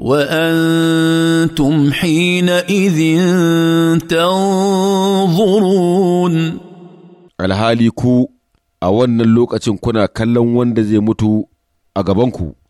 وانتم حينئذ تنظرون alhali ku a wannan lokacin kuna kallon wanda zai mutu a gabanku